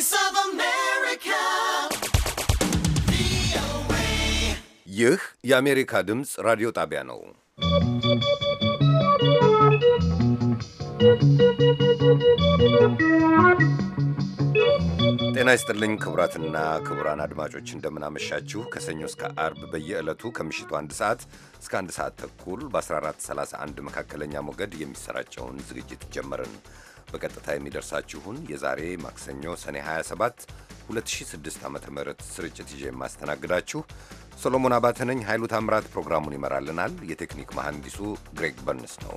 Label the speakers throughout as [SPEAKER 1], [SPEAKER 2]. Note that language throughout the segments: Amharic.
[SPEAKER 1] Voice of America.
[SPEAKER 2] ይህ የአሜሪካ ድምፅ ራዲዮ ጣቢያ ነው። ጤና ይስጥልኝ ክቡራትና ክቡራን አድማጮች እንደምናመሻችሁ። ከሰኞ እስከ አርብ በየዕለቱ ከምሽቱ አንድ ሰዓት እስከ አንድ ሰዓት ተኩል በ1431 መካከለኛ ሞገድ የሚሰራጨውን ዝግጅት ጀመርን። በቀጥታ የሚደርሳችሁን የዛሬ ማክሰኞ ሰኔ 27 2006 ዓ ም ስርጭት ይዤ የማስተናግዳችሁ ሰሎሞን አባተነኝ። ኃይሉ ታምራት ፕሮግራሙን ይመራልናል። የቴክኒክ መሐንዲሱ ግሬግ በርንስ ነው።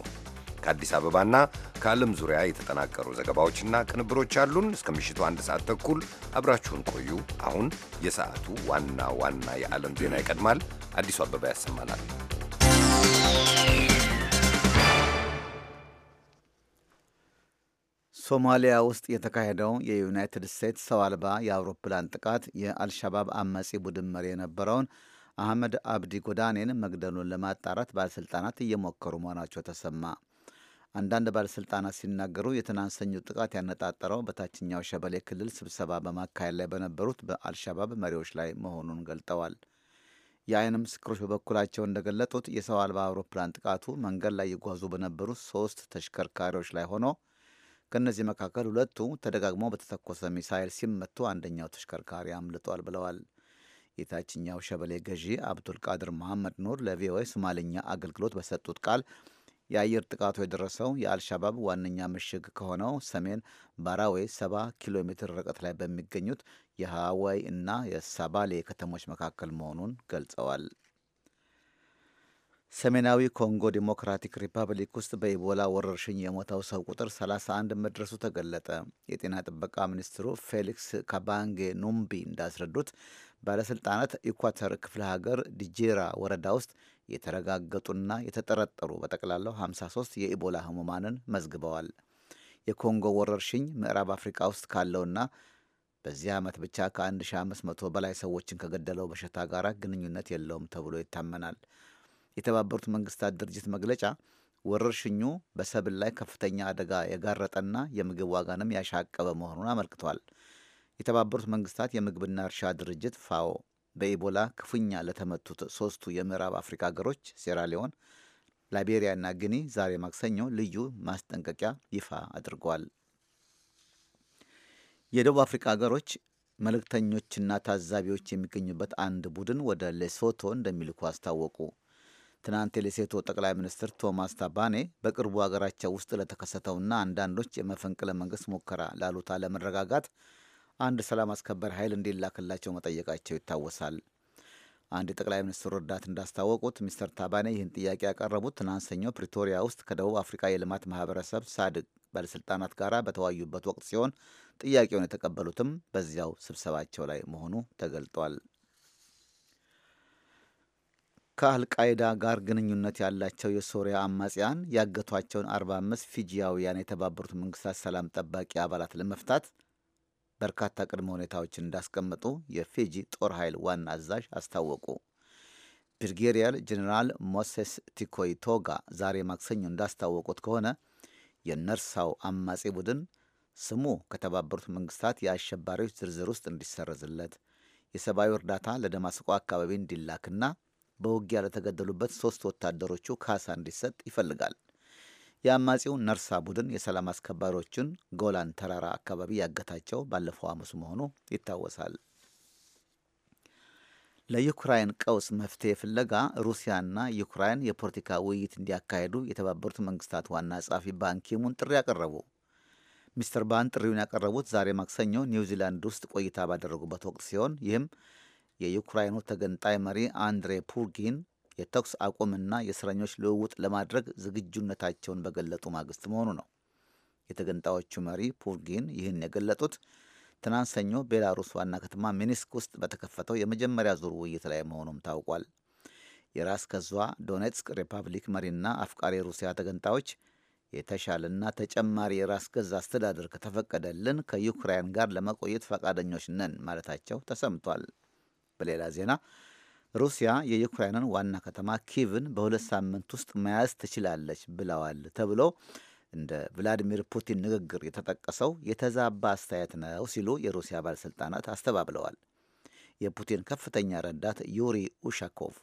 [SPEAKER 2] ከአዲስ አበባና ከዓለም ዙሪያ የተጠናቀሩ ዘገባዎችና ቅንብሮች አሉን። እስከ ምሽቱ አንድ ሰዓት ተኩል አብራችሁን ቆዩ። አሁን የሰዓቱ ዋና ዋና የዓለም ዜና ይቀድማል። አዲሱ አበባ ያሰማናል።
[SPEAKER 3] ሶማሊያ ውስጥ የተካሄደው የዩናይትድ ስቴትስ ሰው አልባ የአውሮፕላን ጥቃት የአልሻባብ አማጺ ቡድን መሪ የነበረውን አህመድ አብዲ ጎዳኔን መግደሉን ለማጣራት ባለሥልጣናት እየሞከሩ መሆናቸው ተሰማ። አንዳንድ ባለሥልጣናት ሲናገሩ የትናንት ሰኞ ጥቃት ያነጣጠረው በታችኛው ሸበሌ ክልል ስብሰባ በማካሄድ ላይ በነበሩት በአልሻባብ መሪዎች ላይ መሆኑን ገልጠዋል። የአይን ምስክሮች በበኩላቸው እንደገለጡት የሰው አልባ አውሮፕላን ጥቃቱ መንገድ ላይ ይጓዙ በነበሩ ሶስት ተሽከርካሪዎች ላይ ሆኖ ከእነዚህ መካከል ሁለቱ ተደጋግሞ በተተኮሰ ሚሳይል ሲመቱ አንደኛው ተሽከርካሪ አምልጧል ብለዋል። የታችኛው ሸበሌ ገዢ አብዱልቃድር መሐመድ ኑር ለቪኦኤ ሶማልኛ አገልግሎት በሰጡት ቃል የአየር ጥቃቱ የደረሰው የአልሻባብ ዋነኛ ምሽግ ከሆነው ሰሜን ባራዌ 70 ኪሎ ሜትር ርቀት ላይ በሚገኙት የሃዋይ እና የሳባሌ ከተሞች መካከል መሆኑን ገልጸዋል። ሰሜናዊ ኮንጎ ዲሞክራቲክ ሪፐብሊክ ውስጥ በኢቦላ ወረርሽኝ የሞተው ሰው ቁጥር 31 መድረሱ ተገለጠ። የጤና ጥበቃ ሚኒስትሩ ፌሊክስ ካባንጌ ኑምቢ እንዳስረዱት ባለሥልጣናት ኢኳተር ክፍለ ሀገር ዲጄራ ወረዳ ውስጥ የተረጋገጡና የተጠረጠሩ በጠቅላላው 53 የኢቦላ ህሙማንን መዝግበዋል። የኮንጎ ወረርሽኝ ምዕራብ አፍሪካ ውስጥ ካለውና በዚህ ዓመት ብቻ ከ1500 በላይ ሰዎችን ከገደለው በሽታ ጋር ግንኙነት የለውም ተብሎ ይታመናል። የተባበሩት መንግስታት ድርጅት መግለጫ ወረርሽኙ በሰብል ላይ ከፍተኛ አደጋ የጋረጠና የምግብ ዋጋንም ያሻቀበ መሆኑን አመልክቷል። የተባበሩት መንግስታት የምግብና እርሻ ድርጅት ፋኦ በኢቦላ ክፉኛ ለተመቱት ሶስቱ የምዕራብ አፍሪካ ሀገሮች ሴራሊዮን፣ ላይቤሪያና ግኒ ዛሬ ማክሰኞ ልዩ ማስጠንቀቂያ ይፋ አድርጓል። የደቡብ አፍሪካ ሀገሮች መልእክተኞችና ታዛቢዎች የሚገኙበት አንድ ቡድን ወደ ሌሶቶ እንደሚልኩ አስታወቁ። ትናንት የሌሴቶ ጠቅላይ ሚኒስትር ቶማስ ታባኔ በቅርቡ ሀገራቸው ውስጥ ለተከሰተውና አንዳንዶች የመፈንቅለ መንግስት ሙከራ ላሉት አለመረጋጋት አንድ ሰላም አስከበር ኃይል እንዲላክላቸው መጠየቃቸው ይታወሳል። አንድ የጠቅላይ ሚኒስትሩ ረዳት እንዳስታወቁት ሚስተር ታባኔ ይህን ጥያቄ ያቀረቡት ትናንት ሰኞ ፕሪቶሪያ ውስጥ ከደቡብ አፍሪካ የልማት ማህበረሰብ ሳድቅ ባለሥልጣናት ጋር በተወያዩበት ወቅት ሲሆን ጥያቄውን የተቀበሉትም በዚያው ስብሰባቸው ላይ መሆኑ ተገልጧል። ከአልቃይዳ ጋር ግንኙነት ያላቸው የሶሪያ አማጽያን ያገቷቸውን 45 ፊጂያውያን የተባበሩት መንግስታት ሰላም ጠባቂ አባላት ለመፍታት በርካታ ቅድመ ሁኔታዎችን እንዳስቀመጡ የፊጂ ጦር ኃይል ዋና አዛዥ አስታወቁ። ብርጌሪየር ጀኔራል ሞሴስ ቲኮይቶጋ ዛሬ ማክሰኞ እንዳስታወቁት ከሆነ የነርሳው አማጺ ቡድን ስሙ ከተባበሩት መንግስታት የአሸባሪዎች ዝርዝር ውስጥ እንዲሰረዝለት፣ የሰብአዊ እርዳታ ለደማስቆ አካባቢ እንዲላክና በውጊያ ለተገደሉበት ሶስት ወታደሮቹ ካሳ እንዲሰጥ ይፈልጋል። የአማጺው ነርሳ ቡድን የሰላም አስከባሪዎቹን ጎላን ተራራ አካባቢ ያገታቸው ባለፈው ሐሙስ መሆኑ ይታወሳል። ለዩክራይን ቀውስ መፍትሄ ፍለጋ ሩሲያና ዩክራይን የፖለቲካ ውይይት እንዲያካሄዱ የተባበሩት መንግስታት ዋና ጸሐፊ ባንኪሙን ጥሪ ያቀረቡ። ሚስተር ባን ጥሪውን ያቀረቡት ዛሬ ማክሰኞ ኒውዚላንድ ውስጥ ቆይታ ባደረጉበት ወቅት ሲሆን ይህም የዩክራይኑ ተገንጣይ መሪ አንድሬ ፑርጊን የተኩስ አቁምና የእስረኞች ልውውጥ ለማድረግ ዝግጁነታቸውን በገለጡ ማግስት መሆኑ ነው። የተገንጣዮቹ መሪ ፑርጊን ይህን የገለጡት ትናንት ሰኞ ቤላሩስ ዋና ከተማ ሚኒስክ ውስጥ በተከፈተው የመጀመሪያ ዙር ውይይት ላይ መሆኑም ታውቋል። የራስ ከዟ ዶኔትስክ ሪፐብሊክ መሪና አፍቃሪ ሩሲያ ተገንጣዮች የተሻለና ተጨማሪ የራስ ገዝ አስተዳደር ከተፈቀደልን ከዩክራይን ጋር ለመቆየት ፈቃደኞች ነን ማለታቸው ተሰምቷል። በሌላ ዜና ሩሲያ የዩክራይንን ዋና ከተማ ኪቭን በሁለት ሳምንት ውስጥ መያዝ ትችላለች ብለዋል ተብሎ እንደ ቭላዲሚር ፑቲን ንግግር የተጠቀሰው የተዛባ አስተያየት ነው ሲሉ የሩሲያ ባለሥልጣናት አስተባብለዋል። የፑቲን ከፍተኛ ረዳት ዩሪ ኡሻኮቭ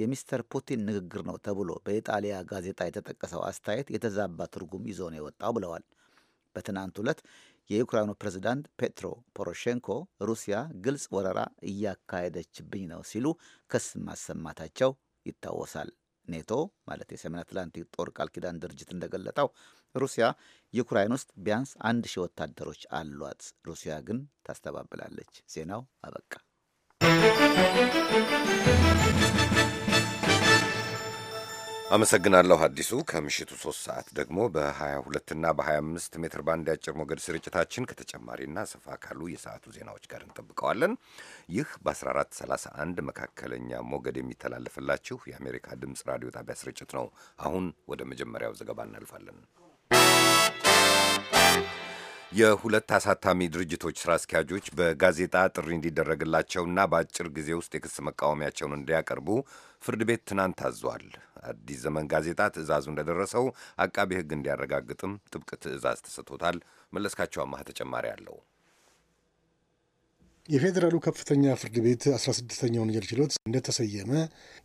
[SPEAKER 3] የሚስተር ፑቲን ንግግር ነው ተብሎ በኢጣሊያ ጋዜጣ የተጠቀሰው አስተያየት የተዛባ ትርጉም ይዞ ነው የወጣው ብለዋል። በትናንት ዕለት የዩክራይኑ ፕሬዝዳንት ፔትሮ ፖሮሼንኮ ሩሲያ ግልጽ ወረራ እያካሄደችብኝ ነው ሲሉ ክስ ማሰማታቸው ይታወሳል። ኔቶ ማለት የሰሜን አትላንቲክ ጦር ቃል ኪዳን ድርጅት እንደገለጠው ሩሲያ ዩክራይን ውስጥ ቢያንስ አንድ ሺህ ወታደሮች አሏት። ሩሲያ
[SPEAKER 2] ግን ታስተባብላለች። ዜናው አበቃ። አመሰግናለሁ አዲሱ። ከምሽቱ ሶስት ሰዓት ደግሞ በ22 እና በ25 ሜትር ባንድ የአጭር ሞገድ ስርጭታችን ከተጨማሪና ሰፋ ካሉ የሰዓቱ ዜናዎች ጋር እንጠብቀዋለን። ይህ በ1431 መካከለኛ ሞገድ የሚተላለፍላችሁ የአሜሪካ ድምፅ ራዲዮ ጣቢያ ስርጭት ነው። አሁን ወደ መጀመሪያው ዘገባ እናልፋለን። የሁለት አሳታሚ ድርጅቶች ስራ አስኪያጆች በጋዜጣ ጥሪ እንዲደረግላቸውና በአጭር ጊዜ ውስጥ የክስ መቃወሚያቸውን እንዲያቀርቡ ፍርድ ቤት ትናንት አዟል። አዲስ ዘመን ጋዜጣ ትዕዛዙ እንደደረሰው አቃቢ ሕግ እንዲያረጋግጥም ጥብቅ ትዕዛዝ ተሰጥቶታል። መለስካቸው አማህ ተጨማሪ አለው።
[SPEAKER 4] የፌዴራሉ ከፍተኛ ፍርድ ቤት 16 ኛውን ወንጀል ችሎት እንደተሰየመ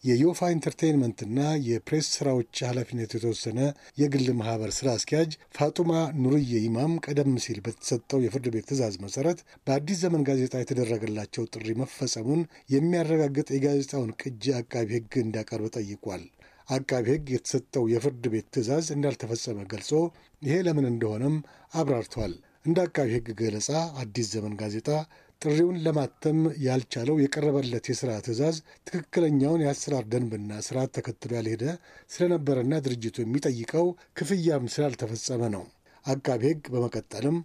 [SPEAKER 4] የዮፋ ኢንተርቴይንመንትና የፕሬስ ስራዎች ኃላፊነት የተወሰነ የግል ማህበር ስራ አስኪያጅ ፋጡማ ኑርዬ ኢማም ቀደም ሲል በተሰጠው የፍርድ ቤት ትዕዛዝ መሰረት በአዲስ ዘመን ጋዜጣ የተደረገላቸው ጥሪ መፈጸሙን የሚያረጋግጥ የጋዜጣውን ቅጂ አቃቢ ህግ እንዲያቀርብ ጠይቋል። አቃቢ ህግ የተሰጠው የፍርድ ቤት ትዕዛዝ እንዳልተፈጸመ ገልጾ ይሄ ለምን እንደሆነም አብራርቷል። እንደ አቃቢ ህግ ገለጻ አዲስ ዘመን ጋዜጣ ጥሪውን ለማተም ያልቻለው የቀረበለት የሥራ ትዕዛዝ ትክክለኛውን የአሰራር ደንብና ስርዓት ተከትሎ ያልሄደ ስለነበረና ድርጅቱ የሚጠይቀው ክፍያም ስላልተፈጸመ ነው። አቃቤ ሕግ በመቀጠልም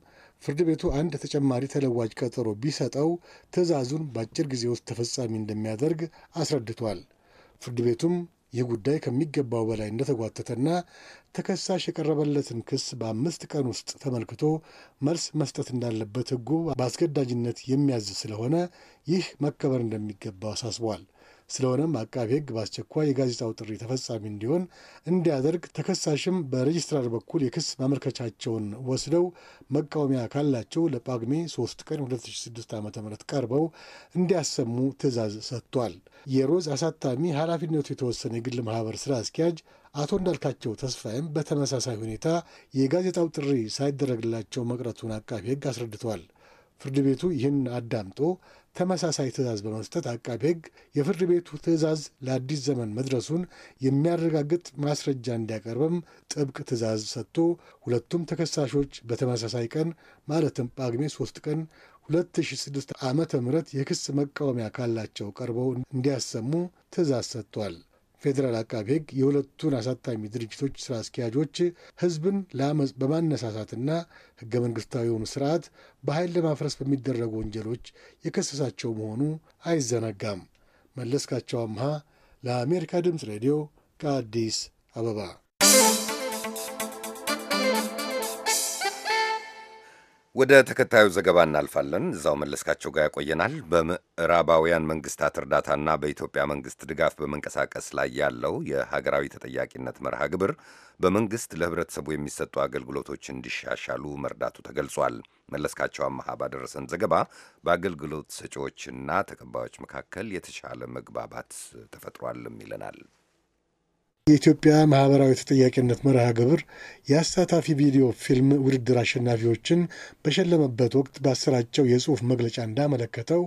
[SPEAKER 4] ፍርድ ቤቱ አንድ ተጨማሪ ተለዋጭ ቀጠሮ ቢሰጠው ትዕዛዙን በአጭር ጊዜ ውስጥ ተፈጻሚ እንደሚያደርግ አስረድቷል። ፍርድ ቤቱም ይህ ጉዳይ ከሚገባው በላይ እንደተጓተተና ተከሳሽ የቀረበለትን ክስ በአምስት ቀን ውስጥ ተመልክቶ መልስ መስጠት እንዳለበት ሕጉ በአስገዳጅነት የሚያዝ ስለሆነ ይህ መከበር እንደሚገባው አሳስቧል። ስለሆነም አቃቤ ሕግ በአስቸኳይ የጋዜጣው ጥሪ ተፈጻሚ እንዲሆን እንዲያደርግ ተከሳሽም በሬጅስትራር በኩል የክስ ማመልከቻቸውን ወስደው መቃወሚያ ካላቸው ለጳጉሜ 3 ቀን 2006 ዓ ም ቀርበው እንዲያሰሙ ትዕዛዝ ሰጥቷል። የሮዝ አሳታሚ ኃላፊነቱ የተወሰነ የግል ማህበር ስራ አስኪያጅ አቶ እንዳልካቸው ተስፋዬም በተመሳሳይ ሁኔታ የጋዜጣው ጥሪ ሳይደረግላቸው መቅረቱን አቃቢ ሕግ አስረድተዋል። ፍርድ ቤቱ ይህን አዳምጦ ተመሳሳይ ትዕዛዝ በመስጠት አቃቢ ሕግ የፍርድ ቤቱ ትዕዛዝ ለአዲስ ዘመን መድረሱን የሚያረጋግጥ ማስረጃ እንዲያቀርብም ጥብቅ ትዕዛዝ ሰጥቶ ሁለቱም ተከሳሾች በተመሳሳይ ቀን ማለትም ጳግሜ 3 ቀን 2006 ዓ ም የክስ መቃወሚያ ካላቸው ቀርበው እንዲያሰሙ ትዕዛዝ ሰጥቷል። ፌዴራል አቃቢ ሕግ የሁለቱን አሳታሚ ድርጅቶች ስራ አስኪያጆች ህዝብን ለአመፅ በማነሳሳትና ህገ መንግስታዊውን ስርዓት በኃይል ለማፍረስ በሚደረጉ ወንጀሎች የከሰሳቸው መሆኑ አይዘነጋም። መለስካቸው አምሃ ለአሜሪካ ድምፅ ሬዲዮ ከአዲስ አበባ
[SPEAKER 2] ወደ ተከታዩ ዘገባ እናልፋለን። እዛው መለስካቸው ጋር ያቆየናል። በምዕራባውያን መንግስታት እርዳታና በኢትዮጵያ መንግስት ድጋፍ በመንቀሳቀስ ላይ ያለው የሀገራዊ ተጠያቂነት መርሃ ግብር በመንግስት ለህብረተሰቡ የሚሰጡ አገልግሎቶች እንዲሻሻሉ መርዳቱ ተገልጿል። መለስካቸው አመሃ ባደረሰን ዘገባ በአገልግሎት ሰጪዎችና ተቀባዮች መካከል የተሻለ መግባባት ተፈጥሯልም ይለናል።
[SPEAKER 4] የኢትዮጵያ ማህበራዊ ተጠያቂነት መርሃ ግብር የአሳታፊ ቪዲዮ ፊልም ውድድር አሸናፊዎችን በሸለመበት ወቅት ባሰራጨው የጽሑፍ መግለጫ እንዳመለከተው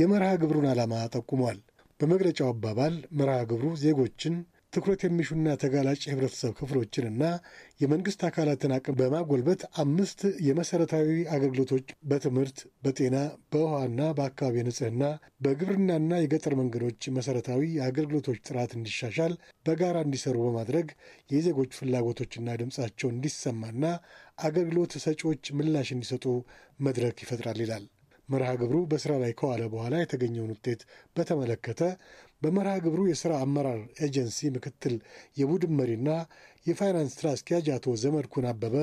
[SPEAKER 4] የመርሃ ግብሩን ዓላማ ጠቁሟል። በመግለጫው አባባል መርሃ ግብሩ ዜጎችን ትኩረት የሚሹና ተጋላጭ የህብረተሰብ ክፍሎችንና የመንግስት አካላትን አቅም በማጎልበት አምስት የመሰረታዊ አገልግሎቶች በትምህርት፣ በጤና፣ በውሃና በአካባቢ ንጽህና፣ በግብርናና የገጠር መንገዶች መሰረታዊ የአገልግሎቶች ጥራት እንዲሻሻል በጋራ እንዲሰሩ በማድረግ የዜጎች ፍላጎቶችና ድምፃቸው እንዲሰማና አገልግሎት ሰጪዎች ምላሽ እንዲሰጡ መድረክ ይፈጥራል ይላል። መርሃ ግብሩ በስራ ላይ ከዋለ በኋላ የተገኘውን ውጤት በተመለከተ በመርሃ ግብሩ የሥራ አመራር ኤጀንሲ ምክትል የቡድን መሪና የፋይናንስ ስራ አስኪያጅ አቶ ዘመድኩን አበበ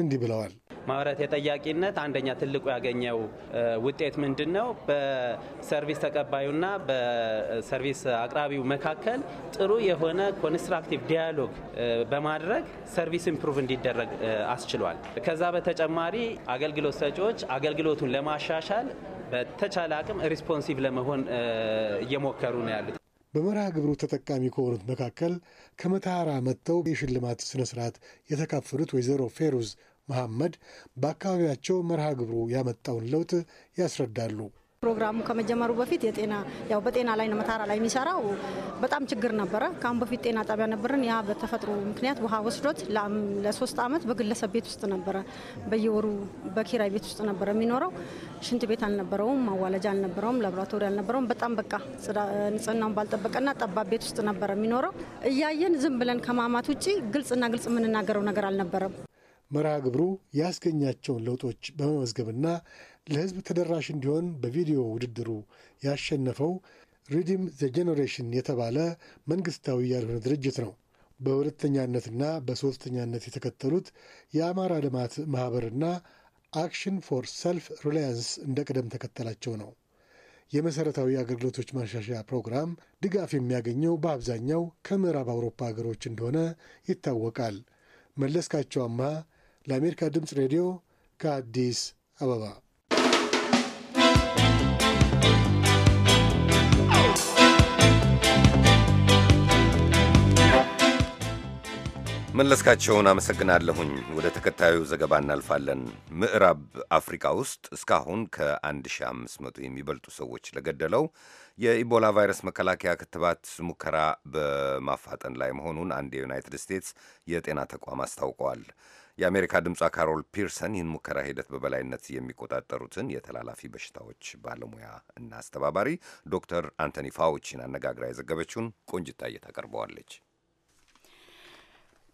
[SPEAKER 4] እንዲህ ብለዋል።
[SPEAKER 3] ማህበራት የጠያቂነት አንደኛ ትልቁ ያገኘው ውጤት ምንድን ነው? በሰርቪስ ተቀባዩና በሰርቪስ አቅራቢው መካከል ጥሩ የሆነ ኮንስትራክቲቭ ዲያሎግ በማድረግ ሰርቪስ ኢምፕሩቭ እንዲደረግ አስችሏል። ከዛ በተጨማሪ አገልግሎት ሰጪዎች አገልግሎቱን ለማሻሻል በተቻለ አቅም ሪስፖንሲቭ ለመሆን እየሞከሩ ነው ያሉት።
[SPEAKER 4] በመርሃ ግብሩ ተጠቃሚ ከሆኑት መካከል ከመተሐራ መጥተው የሽልማት ስነ ስርዓት የተካፈሉት ወይዘሮ ፌሩዝ መሐመድ በአካባቢያቸው መርሃ ግብሩ ያመጣውን ለውጥ ያስረዳሉ።
[SPEAKER 5] ፕሮግራሙ ከመጀመሩ በፊት የጤና ያው በጤና ላይ ነው መታራ ላይ የሚሰራው በጣም ችግር ነበረ። ከአሁን በፊት ጤና ጣቢያ ነበረን። ያ በተፈጥሮ ምክንያት ውሃ ወስዶት ለሶስት ዓመት በግለሰብ ቤት ውስጥ ነበረ፣ በየወሩ በኪራይ ቤት ውስጥ ነበረ የሚኖረው። ሽንት ቤት አልነበረውም፣ ማዋለጃ አልነበረውም፣ ላቦራቶሪ አልነበረውም። በጣም በቃ ንጽህናውን ባልጠበቀና ጠባብ ቤት ውስጥ ነበረ የሚኖረው። እያየን ዝም ብለን ከማማት ውጭ ግልጽና ግልጽ የምንናገረው ነገር
[SPEAKER 4] አልነበረም። መርሃ ግብሩ ያስገኛቸውን ለውጦች በመመዝገብና ለህዝብ ተደራሽ እንዲሆን በቪዲዮ ውድድሩ ያሸነፈው ሪዲም ዘ ጄኔሬሽን የተባለ መንግስታዊ ያልሆነ ድርጅት ነው። በሁለተኛነትና በሦስተኛነት የተከተሉት የአማራ ልማት ማኅበርና አክሽን ፎር ሰልፍ ሪላያንስ እንደ ቅደም ተከተላቸው ነው። የመሠረታዊ አገልግሎቶች ማሻሻያ ፕሮግራም ድጋፍ የሚያገኘው በአብዛኛው ከምዕራብ አውሮፓ ሀገሮች እንደሆነ ይታወቃል። መለስካቸው አምሃ ለአሜሪካ ድምፅ ሬዲዮ ከአዲስ አበባ
[SPEAKER 2] መለስካቸውን አመሰግናለሁኝ። ወደ ተከታዩ ዘገባ እናልፋለን። ምዕራብ አፍሪካ ውስጥ እስካሁን ከ1500 የሚበልጡ ሰዎች ለገደለው የኢቦላ ቫይረስ መከላከያ ክትባት ሙከራ በማፋጠን ላይ መሆኑን አንድ የዩናይትድ ስቴትስ የጤና ተቋም አስታውቀዋል። የአሜሪካ ድምጿ ካሮል ፒርሰን ይህን ሙከራ ሂደት በበላይነት የሚቆጣጠሩትን የተላላፊ በሽታዎች ባለሙያ እና አስተባባሪ ዶክተር አንቶኒ ፋውቺን አነጋግራ የዘገበችውን ቆንጅታ እየታቀርበዋለች።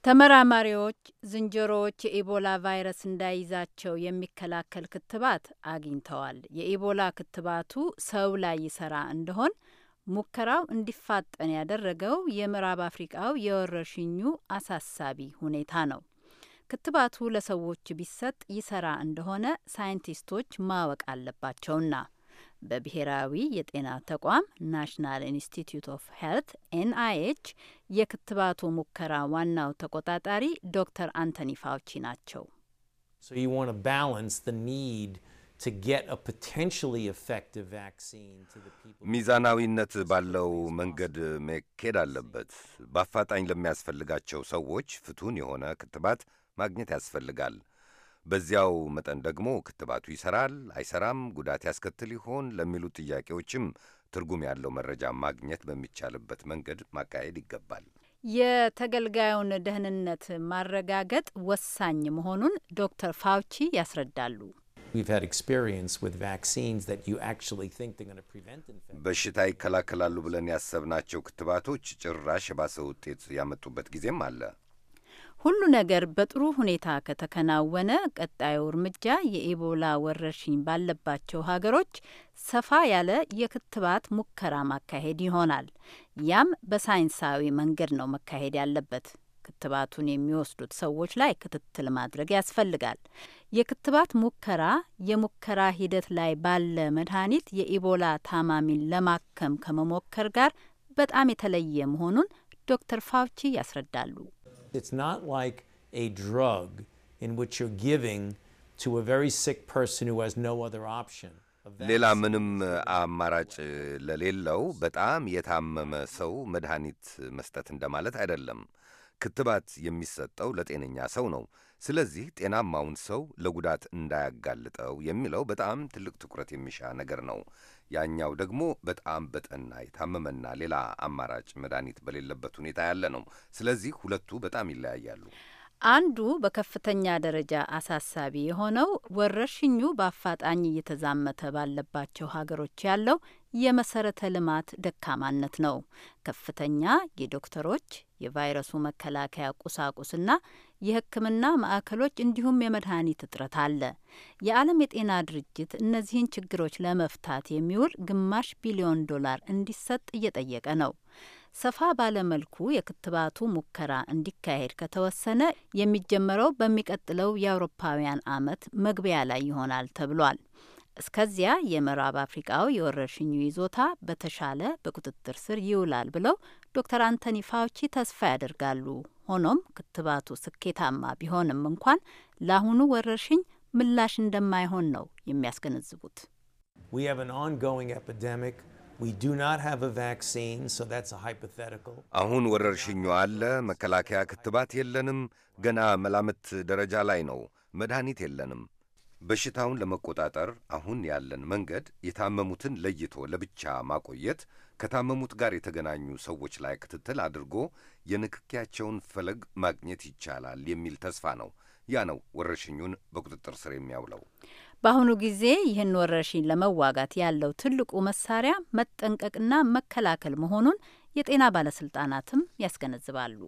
[SPEAKER 5] ተመራማሪዎች ዝንጀሮዎች የኢቦላ ቫይረስ እንዳይዛቸው የሚከላከል ክትባት አግኝተዋል። የኢቦላ ክትባቱ ሰው ላይ ይሰራ እንደሆን ሙከራው እንዲፋጠን ያደረገው የምዕራብ አፍሪቃው የወረርሽኙ አሳሳቢ ሁኔታ ነው። ክትባቱ ለሰዎች ቢሰጥ ይሰራ እንደሆነ ሳይንቲስቶች ማወቅ አለባቸውና በብሔራዊ የጤና ተቋም ናሽናል ኢንስቲትዩት ኦፍ ሄልት ኤንአይኤች የክትባቱ ሙከራ ዋናው ተቆጣጣሪ ዶክተር አንቶኒ ፋውቺ ናቸው።
[SPEAKER 2] ሚዛናዊነት ባለው መንገድ መኬድ አለበት። በአፋጣኝ ለሚያስፈልጋቸው ሰዎች ፍቱን የሆነ ክትባት ማግኘት ያስፈልጋል። በዚያው መጠን ደግሞ ክትባቱ ይሰራል አይሰራም፣ ጉዳት ያስከትል ይሆን ለሚሉ ጥያቄዎችም ትርጉም ያለው መረጃ ማግኘት በሚቻልበት መንገድ ማካሄድ ይገባል።
[SPEAKER 5] የተገልጋዩን ደህንነት ማረጋገጥ ወሳኝ መሆኑን ዶክተር ፋውቺ ያስረዳሉ።
[SPEAKER 2] በሽታ ይከላከላሉ ብለን ያሰብናቸው ክትባቶች ጭራሽ የባሰ ውጤት ያመጡበት ጊዜም አለ።
[SPEAKER 5] ሁሉ ነገር በጥሩ ሁኔታ ከተከናወነ ቀጣዩ እርምጃ የኢቦላ ወረርሽኝ ባለባቸው ሀገሮች ሰፋ ያለ የክትባት ሙከራ ማካሄድ ይሆናል። ያም በሳይንሳዊ መንገድ ነው መካሄድ ያለበት። ክትባቱን የሚወስዱት ሰዎች ላይ ክትትል ማድረግ ያስፈልጋል። የክትባት ሙከራ የሙከራ ሂደት ላይ ባለ መድኃኒት የኢቦላ ታማሚን ለማከም ከመሞከር ጋር በጣም የተለየ መሆኑን ዶክተር ፋውቺ ያስረዳሉ።
[SPEAKER 1] it's not like a drug in which you're giving to a very sick person who has no other option.
[SPEAKER 2] ሌላ ምንም uh, አማራጭ uh, ለሌለው በጣም የታመመ ሰው መድኃኒት መስጠት እንደማለት አይደለም። ክትባት የሚሰጠው ለጤነኛ ሰው ነው። ስለዚህ ጤናማውን ሰው ለጉዳት እንዳያጋልጠው የሚለው በጣም ትልቅ ትኩረት የሚሻ ነገር ነው። ያኛው ደግሞ በጣም በጠና የታመመና ሌላ አማራጭ መድኃኒት በሌለበት ሁኔታ ያለ ነው። ስለዚህ ሁለቱ በጣም ይለያያሉ።
[SPEAKER 5] አንዱ በከፍተኛ ደረጃ አሳሳቢ የሆነው ወረርሽኙ በአፋጣኝ እየተዛመተ ባለባቸው ሀገሮች ያለው የመሰረተ ልማት ደካማነት ነው። ከፍተኛ የዶክተሮች የቫይረሱ መከላከያ ቁሳቁስና የሕክምና ማዕከሎች እንዲሁም የመድኃኒት እጥረት አለ። የዓለም የጤና ድርጅት እነዚህን ችግሮች ለመፍታት የሚውል ግማሽ ቢሊዮን ዶላር እንዲሰጥ እየጠየቀ ነው። ሰፋ ባለመልኩ የክትባቱ ሙከራ እንዲካሄድ ከተወሰነ የሚጀመረው በሚቀጥለው የአውሮፓውያን ዓመት መግቢያ ላይ ይሆናል ተብሏል። እስከዚያ የምዕራብ አፍሪቃው የወረርሽኙ ይዞታ በተሻለ በቁጥጥር ስር ይውላል ብለው ዶክተር አንቶኒ ፋውቺ ተስፋ ያደርጋሉ። ሆኖም ክትባቱ ስኬታማ ቢሆንም እንኳን ለአሁኑ ወረርሽኝ ምላሽ እንደማይሆን ነው የሚያስገነዝቡት።
[SPEAKER 2] አሁን ወረርሽኙ አለ፣ መከላከያ ክትባት የለንም፣ ገና መላምት ደረጃ ላይ ነው፣ መድኃኒት የለንም። በሽታውን ለመቆጣጠር አሁን ያለን መንገድ የታመሙትን ለይቶ ለብቻ ማቆየት፣ ከታመሙት ጋር የተገናኙ ሰዎች ላይ ክትትል አድርጎ የንክኪያቸውን ፈለግ ማግኘት ይቻላል የሚል ተስፋ ነው። ያ ነው ወረርሽኙን በቁጥጥር ስር የሚያውለው።
[SPEAKER 5] በአሁኑ ጊዜ ይህን ወረርሽኝ ለመዋጋት ያለው ትልቁ መሳሪያ መጠንቀቅና መከላከል መሆኑን የጤና ባለስልጣናትም ያስገነዝባሉ።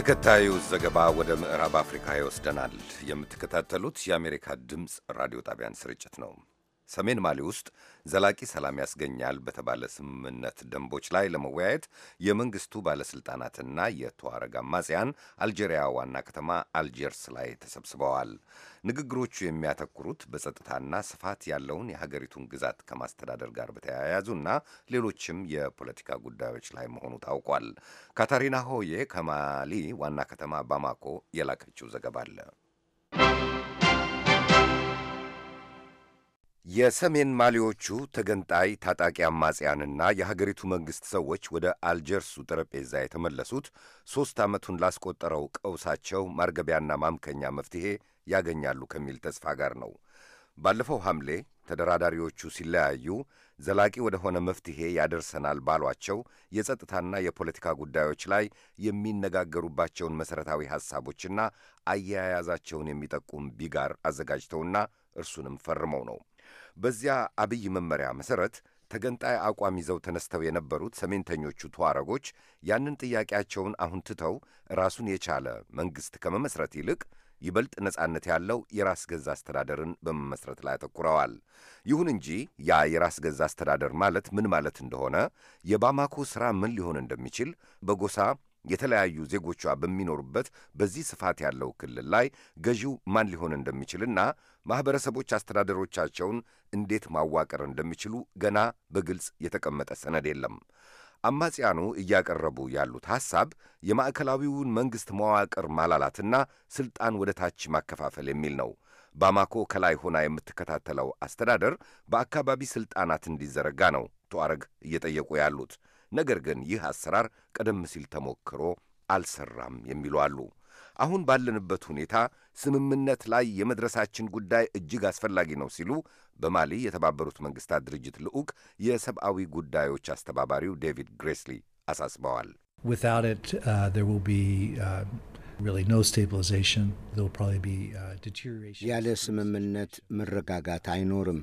[SPEAKER 2] ተከታዩ ዘገባ ወደ ምዕራብ አፍሪካ ይወስደናል። የምትከታተሉት የአሜሪካ ድምፅ ራዲዮ ጣቢያን ስርጭት ነው። ሰሜን ማሊ ውስጥ ዘላቂ ሰላም ያስገኛል በተባለ ስምምነት ደንቦች ላይ ለመወያየት የመንግስቱ ባለስልጣናትና የተዋረግ አማጽያን አልጄሪያ ዋና ከተማ አልጀርስ ላይ ተሰብስበዋል። ንግግሮቹ የሚያተኩሩት በጸጥታና ስፋት ያለውን የሀገሪቱን ግዛት ከማስተዳደር ጋር በተያያዙና ሌሎችም የፖለቲካ ጉዳዮች ላይ መሆኑ ታውቋል። ካታሪና ሆዬ ከማሊ ዋና ከተማ ባማኮ የላከችው ዘገባ አለ። የሰሜን ማሊዎቹ ተገንጣይ ታጣቂ አማጽያንና የሀገሪቱ መንግሥት ሰዎች ወደ አልጀርሱ ጠረጴዛ የተመለሱት ሦስት ዓመቱን ላስቆጠረው ቀውሳቸው ማርገቢያና ማምከኛ መፍትሔ ያገኛሉ ከሚል ተስፋ ጋር ነው። ባለፈው ሐምሌ ተደራዳሪዎቹ ሲለያዩ ዘላቂ ወደ ሆነ መፍትሔ ያደርሰናል ባሏቸው የጸጥታና የፖለቲካ ጉዳዮች ላይ የሚነጋገሩባቸውን መሠረታዊ ሐሳቦችና አያያዛቸውን የሚጠቁም ቢጋር አዘጋጅተውና እርሱንም ፈርመው ነው በዚያ አብይ መመሪያ መሠረት ተገንጣይ አቋም ይዘው ተነስተው የነበሩት ሰሜንተኞቹ ተዋረጎች ያንን ጥያቄያቸውን አሁን ትተው ራሱን የቻለ መንግሥት ከመመስረት ይልቅ ይበልጥ ነጻነት ያለው የራስ ገዛ አስተዳደርን በመመስረት ላይ አተኩረዋል። ይሁን እንጂ ያ የራስ ገዛ አስተዳደር ማለት ምን ማለት እንደሆነ፣ የባማኮ ሥራ ምን ሊሆን እንደሚችል በጎሳ የተለያዩ ዜጎቿ በሚኖሩበት በዚህ ስፋት ያለው ክልል ላይ ገዢው ማን ሊሆን እንደሚችልና ማኅበረሰቦች አስተዳደሮቻቸውን እንዴት ማዋቀር እንደሚችሉ ገና በግልጽ የተቀመጠ ሰነድ የለም። አማጽያኑ እያቀረቡ ያሉት ሐሳብ የማዕከላዊውን መንግሥት መዋቅር ማላላትና ሥልጣን ወደ ታች ማከፋፈል የሚል ነው። ባማኮ ከላይ ሆና የምትከታተለው አስተዳደር በአካባቢ ሥልጣናት እንዲዘረጋ ነው ቱአረግ እየጠየቁ ያሉት። ነገር ግን ይህ አሰራር ቀደም ሲል ተሞክሮ አልሰራም የሚሉ አሉ። አሁን ባለንበት ሁኔታ ስምምነት ላይ የመድረሳችን ጉዳይ እጅግ አስፈላጊ ነው ሲሉ በማሊ የተባበሩት መንግስታት ድርጅት ልዑክ የሰብአዊ ጉዳዮች አስተባባሪው ዴቪድ ግሬስሊ አሳስበዋል።
[SPEAKER 4] uh, uh, uh,
[SPEAKER 3] ያለ ስምምነት መረጋጋት አይኖርም።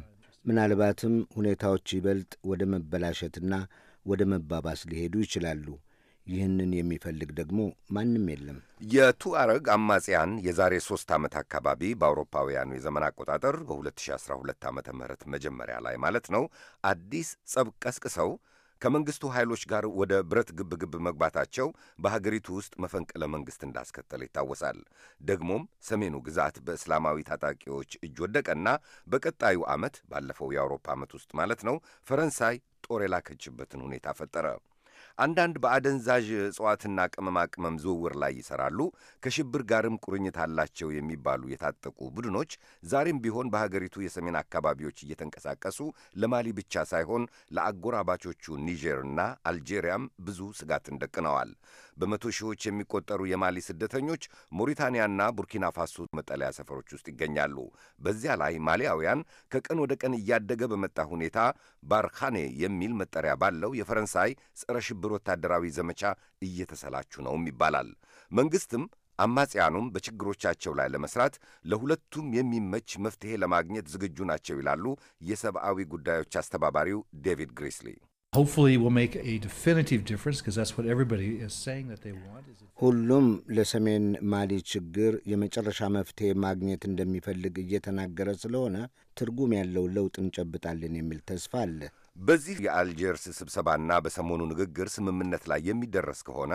[SPEAKER 3] ምናልባትም ሁኔታዎች ይበልጥ ወደ መበላሸትና ወደ መባባስ ሊሄዱ ይችላሉ። ይህንን የሚፈልግ ደግሞ ማንም የለም።
[SPEAKER 2] የቱአረግ አማጽያን የዛሬ ሶስት ዓመት አካባቢ በአውሮፓውያኑ የዘመን አቆጣጠር በ2012 ዓ ም መጀመሪያ ላይ ማለት ነው አዲስ ጸብ ቀስቅሰው ከመንግሥቱ ኃይሎች ጋር ወደ ብረት ግብግብ መግባታቸው በሀገሪቱ ውስጥ መፈንቅለ መንግሥት እንዳስከተለ ይታወሳል። ደግሞም ሰሜኑ ግዛት በእስላማዊ ታጣቂዎች እጅ ወደቀና በቀጣዩ ዓመት ባለፈው የአውሮፓ ዓመት ውስጥ ማለት ነው ፈረንሳይ ጦር የላከችበትን ሁኔታ ፈጠረ። አንዳንድ በአደንዛዥ እጽዋትና ቅመማ ቅመም ዝውውር ላይ ይሰራሉ። ከሽብር ጋርም ቁርኝት አላቸው የሚባሉ የታጠቁ ቡድኖች ዛሬም ቢሆን በሀገሪቱ የሰሜን አካባቢዎች እየተንቀሳቀሱ ለማሊ ብቻ ሳይሆን ለአጎራባቾቹ ኒጀርና አልጄሪያም ብዙ ስጋትን ደቅነዋል። በመቶ ሺዎች የሚቆጠሩ የማሊ ስደተኞች ሞሪታንያና ቡርኪና ፋሶ መጠለያ ሰፈሮች ውስጥ ይገኛሉ። በዚያ ላይ ማሊያውያን ከቀን ወደ ቀን እያደገ በመጣ ሁኔታ ባርካኔ የሚል መጠሪያ ባለው የፈረንሳይ ጸረ ሽብር የሽብር ወታደራዊ ዘመቻ እየተሰላችሁ ነውም ይባላል። መንግሥትም አማጽያኑም በችግሮቻቸው ላይ ለመስራት ለሁለቱም የሚመች መፍትሔ ለማግኘት ዝግጁ ናቸው ይላሉ የሰብአዊ ጉዳዮች አስተባባሪው ዴቪድ ግሪስሊ። ሁሉም ለሰሜን ማሊ ችግር
[SPEAKER 3] የመጨረሻ መፍትሄ ማግኘት እንደሚፈልግ እየተናገረ ስለሆነ ትርጉም ያለው ለውጥ
[SPEAKER 2] እንጨብጣለን የሚል ተስፋ አለ። በዚህ የአልጀርስ ስብሰባና በሰሞኑ ንግግር ስምምነት ላይ የሚደረስ ከሆነ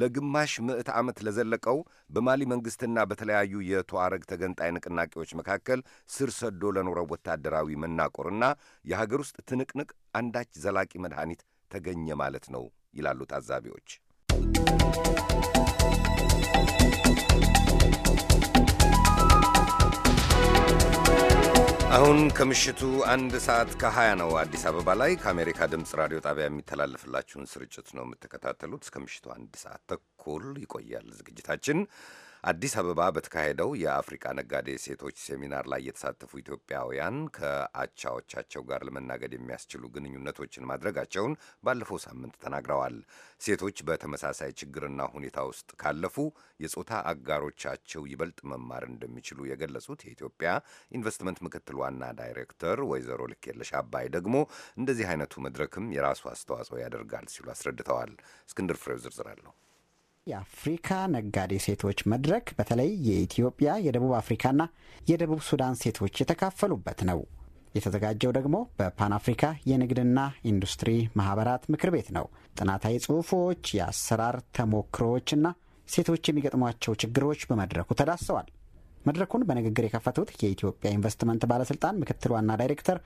[SPEAKER 2] ለግማሽ ምዕተ ዓመት ለዘለቀው በማሊ መንግሥትና በተለያዩ የቱዋረግ ተገንጣይ ንቅናቄዎች መካከል ስር ሰዶ ለኖረው ወታደራዊ መናቆርና የሀገር ውስጥ ትንቅንቅ አንዳች ዘላቂ መድኃኒት ተገኘ ማለት ነው ይላሉ ታዛቢዎች። አሁን ከምሽቱ አንድ ሰዓት ከ20 ነው። አዲስ አበባ ላይ ከአሜሪካ ድምፅ ራዲዮ ጣቢያ የሚተላለፍላችሁን ስርጭት ነው የምትከታተሉት። እስከ ምሽቱ አንድ ሰዓት ተኩል ይቆያል ዝግጅታችን። አዲስ አበባ በተካሄደው የአፍሪቃ ነጋዴ ሴቶች ሴሚናር ላይ የተሳተፉ ኢትዮጵያውያን ከአቻዎቻቸው ጋር ለመናገድ የሚያስችሉ ግንኙነቶችን ማድረጋቸውን ባለፈው ሳምንት ተናግረዋል። ሴቶች በተመሳሳይ ችግርና ሁኔታ ውስጥ ካለፉ የጾታ አጋሮቻቸው ይበልጥ መማር እንደሚችሉ የገለጹት የኢትዮጵያ ኢንቨስትመንት ምክትል ዋና ዳይሬክተር ወይዘሮ ልኬለሽ አባይ ደግሞ እንደዚህ አይነቱ መድረክም የራሱ አስተዋጽኦ ያደርጋል ሲሉ አስረድተዋል። እስክንድር ፍሬው ዝርዝር አለሁ።
[SPEAKER 6] የአፍሪካ ነጋዴ ሴቶች መድረክ በተለይ የኢትዮጵያ፣ የደቡብ አፍሪካና የደቡብ ሱዳን ሴቶች የተካፈሉበት ነው። የተዘጋጀው ደግሞ በፓን አፍሪካ የንግድና ኢንዱስትሪ ማህበራት ምክር ቤት ነው። ጥናታዊ ጽሁፎች፣ የአሰራር ተሞክሮዎችና ሴቶች የሚገጥሟቸው ችግሮች በመድረኩ ተዳሰዋል። መድረኩን በንግግር የከፈቱት የኢትዮጵያ ኢንቨስትመንት ባለስልጣን ምክትል ዋና ዳይሬክተር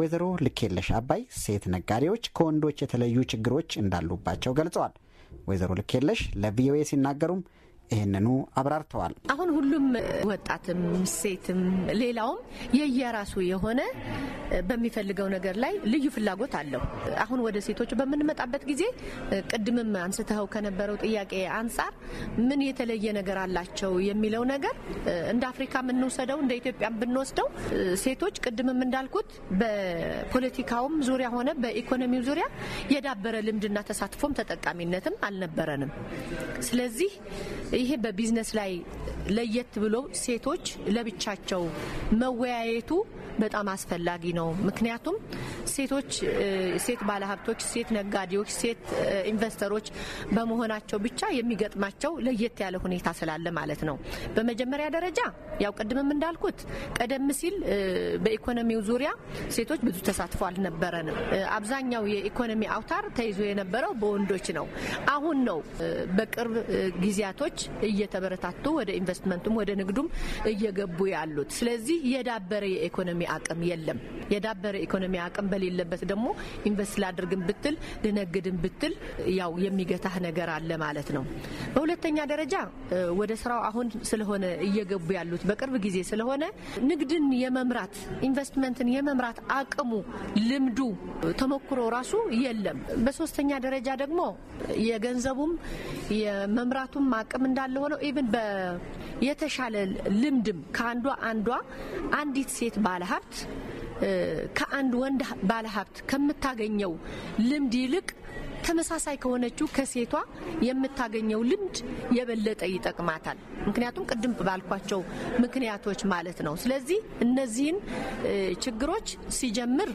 [SPEAKER 6] ወይዘሮ ልኬለሽ አባይ ሴት ነጋዴዎች ከወንዶች የተለዩ ችግሮች እንዳሉባቸው ገልጸዋል። ወይዘሮ ልክ የለሽ ለቪኦኤ ሲናገሩም ይህንኑ አብራርተዋል።
[SPEAKER 7] አሁን ሁሉም ወጣትም ሴትም ሌላውም የየራሱ የሆነ በሚፈልገው ነገር ላይ ልዩ ፍላጎት አለው። አሁን ወደ ሴቶች በምንመጣበት ጊዜ ቅድምም አንስተኸው ከነበረው ጥያቄ አንጻር ምን የተለየ ነገር አላቸው የሚለው ነገር እንደ አፍሪካ የምንወስደው እንደ ኢትዮጵያ ብንወስደው ሴቶች ቅድምም እንዳልኩት በፖለቲካውም ዙሪያ ሆነ በኢኮኖሚው ዙሪያ የዳበረ ልምድና ተሳትፎም ተጠቃሚነትም አልነበረንም። ስለዚህ ይሄ በቢዝነስ ላይ ለየት ብሎ ሴቶች ለብቻቸው መወያየቱ በጣም አስፈላጊ ነው። ምክንያቱም ሴቶች ሴት ባለሀብቶች፣ ሴት ነጋዴዎች፣ ሴት ኢንቨስተሮች በመሆናቸው ብቻ የሚገጥማቸው ለየት ያለ ሁኔታ ስላለ ማለት ነው። በመጀመሪያ ደረጃ ያው ቅድምም እንዳልኩት ቀደም ሲል በኢኮኖሚው ዙሪያ ሴቶች ብዙ ተሳትፎ አልነበረንም። አብዛኛው የኢኮኖሚ አውታር ተይዞ የነበረው በወንዶች ነው። አሁን ነው በቅርብ ጊዜያቶች እየተበረታቱ ወደ ኢንቨስትመንቱም ወደ ንግዱም እየገቡ ያሉት። ስለዚህ የዳበረ የኢኮኖሚ የኢኮኖሚ አቅም የለም። የዳበረ ኢኮኖሚ አቅም በሌለበት ደግሞ ኢንቨስት ላድርግን ብትል ልነግድን ብትል ያው የሚገታህ ነገር አለ ማለት ነው። በሁለተኛ ደረጃ ወደ ስራው አሁን ስለሆነ እየገቡ ያሉት በቅርብ ጊዜ ስለሆነ ንግድን የመምራት ኢንቨስትመንትን የመምራት አቅሙ፣ ልምዱ፣ ተሞክሮ ራሱ የለም። በሶስተኛ ደረጃ ደግሞ የገንዘቡም የመምራቱም አቅም እንዳለ ሆነው ኢቭን የተሻለ ልምድም ከአንዷ አንዷ አንዲት ሴት ባለ ባለሀብት ከአንድ ወንድ ባለሀብት ከምታገኘው ልምድ ይልቅ ተመሳሳይ ከሆነችው ከሴቷ የምታገኘው ልምድ የበለጠ ይጠቅማታል። ምክንያቱም ቅድም ባልኳቸው ምክንያቶች ማለት ነው። ስለዚህ እነዚህን ችግሮች ሲጀምር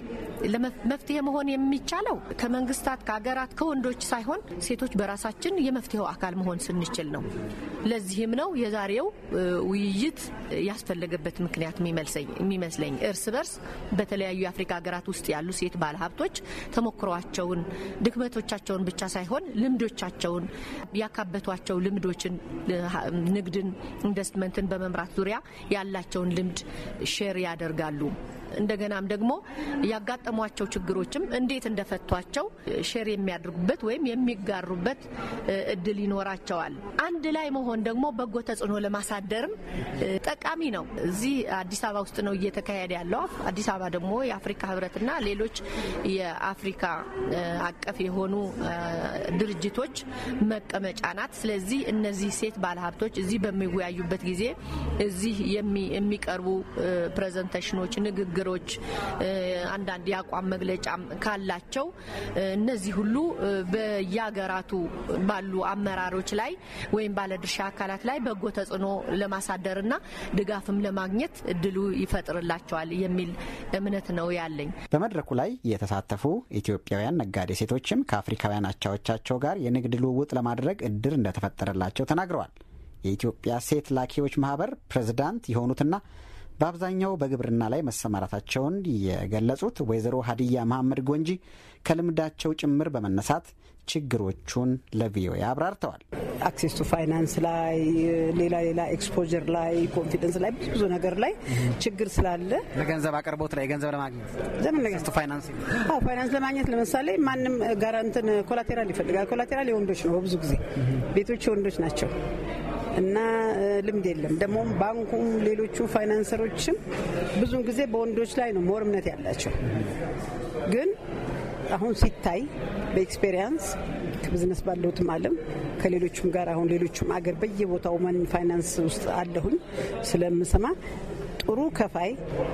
[SPEAKER 7] መፍትሄ መሆን የሚቻለው ከመንግስታት፣ ከሀገራት፣ ከወንዶች ሳይሆን ሴቶች በራሳችን የመፍትሄው አካል መሆን ስንችል ነው። ለዚህም ነው የዛሬው ውይይት ያስፈለገበት ምክንያት የሚመስለኝ እርስ በርስ በተለያዩ የአፍሪካ ሀገራት ውስጥ ያሉ ሴት ባለሀብቶች ተሞክሯቸውን ድክመቶቻ እውቀቶቻቸውን ብቻ ሳይሆን ልምዶቻቸውን ያካበቷቸው ልምዶችን ንግድን፣ ኢንቨስትመንትን በመምራት ዙሪያ ያላቸውን ልምድ ሼር ያደርጋሉ። እንደገናም ደግሞ ያጋጠሟቸው ችግሮችም እንዴት እንደፈቷቸው ሼር የሚያደርጉበት ወይም የሚጋሩበት እድል ይኖራቸዋል። አንድ ላይ መሆን ደግሞ በጎ ተጽዕኖ ለማሳደርም ጠቃሚ ነው። እዚህ አዲስ አበባ ውስጥ ነው እየተካሄደ ያለው። አዲስ አበባ ደግሞ የአፍሪካ ህብረትና ሌሎች የአፍሪካ አቀፍ የሆኑ ድርጅቶች መቀመጫ ናት። ስለዚህ እነዚህ ሴት ባለሀብቶች እዚህ በሚወያዩበት ጊዜ እዚህ የሚቀርቡ ፕሬዘንቴሽኖች፣ ንግግር ንግግሮች፣ አንዳንድ የአቋም መግለጫ ካላቸው እነዚህ ሁሉ በየሀገራቱ ባሉ አመራሮች ላይ ወይም ባለድርሻ አካላት ላይ በጎ ተጽዕኖ ለማሳደርና ድጋፍም ለማግኘት እድሉ ይፈጥርላቸዋል የሚል እምነት ነው ያለኝ።
[SPEAKER 6] በመድረኩ ላይ የተሳተፉ ኢትዮጵያውያን ነጋዴ ሴቶችም ከአፍሪካውያን አቻዎቻቸው ጋር የንግድ ልውውጥ ለማድረግ እድር እንደተፈጠረላቸው ተናግረዋል። የኢትዮጵያ ሴት ላኪዎች ማህበር ፕሬዝዳንት የሆኑትና በአብዛኛው በግብርና ላይ መሰማራታቸውን የገለጹት ወይዘሮ ሀዲያ መሐመድ ጎንጂ ከልምዳቸው ጭምር በመነሳት ችግሮቹን ለቪኦኤ አብራርተዋል። አክሴስ ቱ ፋይናንስ ላይ ሌላ ሌላ ኤክስፖጀር
[SPEAKER 1] ላይ ኮንፊደንስ ላይ ብዙ ብዙ ነገር ላይ ችግር ስላለ ለገንዘብ አቅርቦት ላይ ገንዘብ ለማግኘት ፋይናንስ ለማግኘት ለምሳሌ ማንም ጋራንትን ኮላቴራል ይፈልጋል። ኮላቴራል የወንዶች ነው። በብዙ ጊዜ ቤቶች የወንዶች ናቸው። እና ልምድ የለም። ደግሞም ባንኩም ሌሎቹ ፋይናንሰሮችም ብዙን ጊዜ በወንዶች ላይ ነው ሞር እምነት ያላቸው ግን አሁን ሲታይ በኤክስፔሪንስ ከቢዝነስ ባለሁትም አለም ከሌሎችም ጋር አሁን ሌሎችም አገር በየቦታው መን ፋይናንስ ውስጥ አለሁኝ ስለምሰማ ጥሩ ከፋይ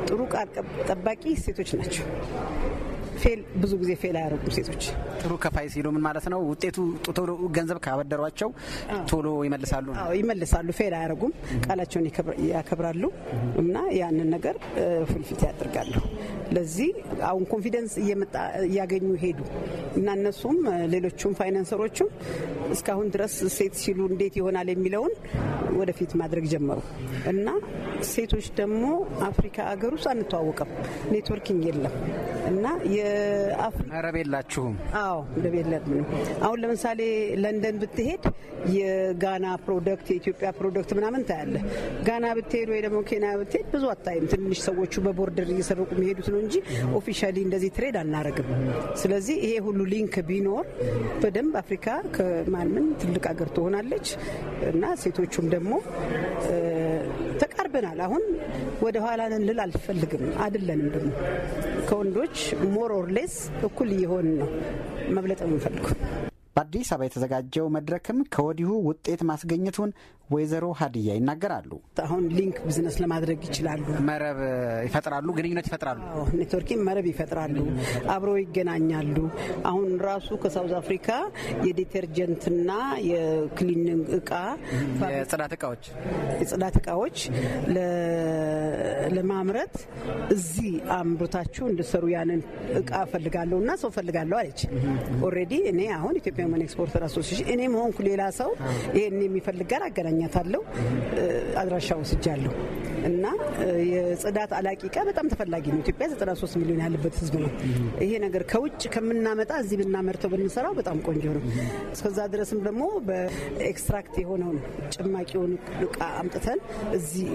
[SPEAKER 1] ጥሩ ቃል ጠባቂ ሴቶች ናቸው። ፌል ብዙ ጊዜ ፌል አያደርጉም ሴቶች። ጥሩ ከፋይ ሲሉ ምን ማለት ነው? ውጤቱ ቶሎ ገንዘብ ካበደሯቸው ቶሎ ይመልሳሉ ይመልሳሉ። ፌል አያደርጉም፣ ቃላቸውን ያከብራሉ እና ያንን ነገር ፍልፊት ያደርጋሉ። ለዚህ አሁን ኮንፊደንስ እያገኙ ሄዱ እና እነሱም ሌሎቹም ፋይናንሰሮቹም እስካሁን ድረስ ሴት ሲሉ እንዴት ይሆናል የሚለውን ወደፊት ማድረግ ጀመሩ እና ሴቶች ደግሞ አፍሪካ ሀገር ውስጥ አንተዋወቀም፣ ኔትወርኪንግ የለም እና
[SPEAKER 6] መረብ የላችሁም።
[SPEAKER 1] አዎ መረብ የለንም። አሁን ለምሳሌ ለንደን ብትሄድ የጋና ፕሮደክት የኢትዮጵያ ፕሮደክት ምናምን ታያለ። ጋና ብትሄድ ወይ ደግሞ ኬንያ ብትሄድ ብዙ አታይም። ትንሽ ሰዎቹ በቦርደር እየሰረቁ የሚሄዱት ነው እንጂ ኦፊሻሊ እንደዚህ ትሬድ አናረግም። ስለዚህ ይሄ ሁሉ ሊንክ ቢኖር በደንብ አፍሪካ ከማንም ትልቅ ሀገር ትሆናለች እና ሴቶቹም ደግሞ ተቃርበናል። አሁን ወደ ኋላ ነን ልል አልፈልግም። አይደለንም ደግሞ
[SPEAKER 6] ከወንዶች ሞር ኦር ሌስ እኩል እየሆን ነው። መብለጥ ነው በአዲስ አበባ የተዘጋጀው መድረክም ከወዲሁ ውጤት ማስገኘቱን ወይዘሮ ሀዲያ ይናገራሉ። አሁን ሊንክ ቢዝነስ ለማድረግ ይችላሉ። መረብ ይፈጥራሉ፣ ግንኙነት ይፈጥራሉ፣ ኔትወርኪንግ
[SPEAKER 1] መረብ ይፈጥራሉ፣ አብረው ይገናኛሉ። አሁን ራሱ ከሳውዝ አፍሪካ የዲተርጀንትና የክሊኒንግ እቃ
[SPEAKER 6] የጽዳት እቃዎች
[SPEAKER 1] የጽዳት እቃዎች ለማምረት እዚህ አምሮታችሁ እንድሰሩ ያንን እቃ ፈልጋለሁ እና ሰው ፈልጋለሁ አለች። ኦልሬዲ እኔ አሁን ኢትዮጵያ ኤክስፖርተር አሶሲሽን እኔ መሆንኩ ሌላ ሰው ይሄን የሚፈልግ ጋር አገናኛ አገኛታለሁ። አድራሻ ወስጃለሁ እና የጽዳት አላቂ ቃ በጣም ተፈላጊ ነው። ኢትዮጵያ 93 ሚሊዮን ያለበት ህዝብ ነው። ይሄ ነገር ከውጭ ከምናመጣ እዚህ ብናመርተው ብንሰራው በጣም ቆንጆ ነው። እስከዛ ድረስም ደግሞ በኤክስትራክት የሆነውን ጭማቂውን እቃ አምጥተን እዚህ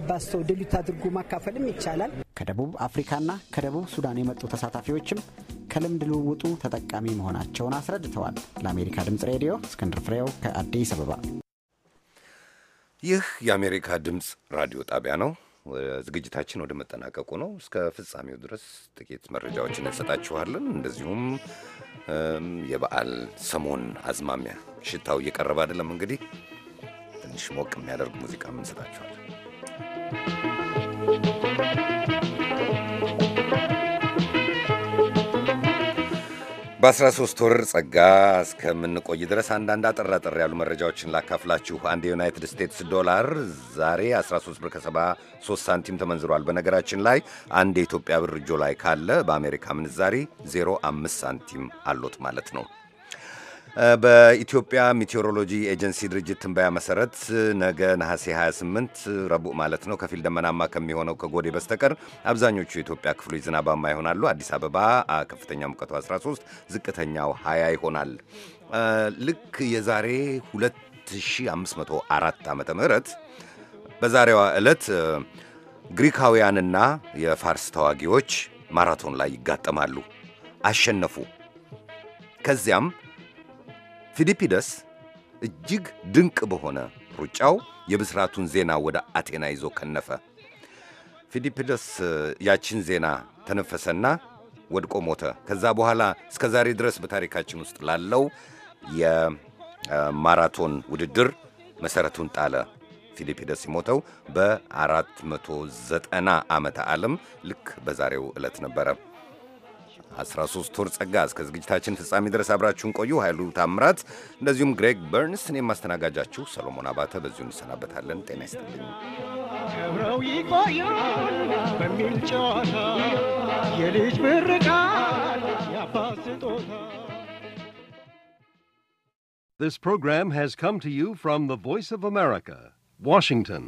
[SPEAKER 1] አባስተው ድሉት አድርጎ ማካፈልም ይቻላል።
[SPEAKER 6] ከደቡብ አፍሪካና ከደቡብ ሱዳን የመጡ ተሳታፊዎችም ከልምድ ልውውጡ ተጠቃሚ መሆናቸውን አስረድተዋል። ለአሜሪካ ድምፅ ሬዲዮ እስክንድር ፍሬው ከአዲስ አበባ
[SPEAKER 2] ይህ የአሜሪካ ድምፅ ራዲዮ ጣቢያ ነው። ዝግጅታችን ወደ መጠናቀቁ ነው። እስከ ፍጻሜው ድረስ ጥቂት መረጃዎችን እንሰጣችኋለን። እንደዚሁም የበዓል ሰሞን አዝማሚያ ሽታው እየቀረበ አይደለም? እንግዲህ ትንሽ ሞቅ የሚያደርግ ሙዚቃም እንሰጣችኋለን። በ13 ወር ጸጋ እስከምንቆይ ድረስ አንዳንድ አጠር አጠር ያሉ መረጃዎችን ላካፍላችሁ። አንድ የዩናይትድ ስቴትስ ዶላር ዛሬ 13 ብር ከ73 ሳንቲም ተመንዝሯል። በነገራችን ላይ አንድ የኢትዮጵያ ብር እጆ ላይ ካለ በአሜሪካ ምንዛሪ 05 ሳንቲም አሎት ማለት ነው። በኢትዮጵያ ሚቴዎሮሎጂ ኤጀንሲ ድርጅት ትንበያ መሰረት ነገ ነሐሴ 28 ረቡዕ ማለት ነው ከፊል ደመናማ ከሚሆነው ከጎዴ በስተቀር አብዛኞቹ የኢትዮጵያ ክፍሎች ዝናባማ ይሆናሉ። አዲስ አበባ ከፍተኛ ሙቀቱ 13፣ ዝቅተኛው 20 ይሆናል። ልክ የዛሬ 2504 ዓ ምህረት በዛሬዋ ዕለት ግሪካውያንና የፋርስ ተዋጊዎች ማራቶን ላይ ይጋጠማሉ። አሸነፉ። ከዚያም ፊሊፒደስ እጅግ ድንቅ በሆነ ሩጫው የብስራቱን ዜና ወደ አቴና ይዞ ከነፈ። ፊሊፒደስ ያችን ዜና ተነፈሰና ወድቆ ሞተ። ከዛ በኋላ እስከ ዛሬ ድረስ በታሪካችን ውስጥ ላለው የማራቶን ውድድር መሰረቱን ጣለ። ፊሊፒደስ የሞተው በ490 ዓመተ ዓለም ልክ በዛሬው ዕለት ነበረ። 13 ወር ጸጋ እስከ ዝግጅታችን ፍጻሜ ድረስ አብራችሁን ቆዩ። ኃይሉ ታምራት፣ እንደዚሁም ግሬግ በርንስ፣ እኔም ማስተናጋጃችሁ ሰሎሞን አባተ በዚሁ እንሰናበታለን። ጤና ይስጥልኝ።
[SPEAKER 3] አብረው ይቆዩን በሚል ጨዋታ
[SPEAKER 2] የልጅ ምርቃ
[SPEAKER 4] የአባት ስጦታ።
[SPEAKER 2] This program has come to you from the Voice of America, Washington.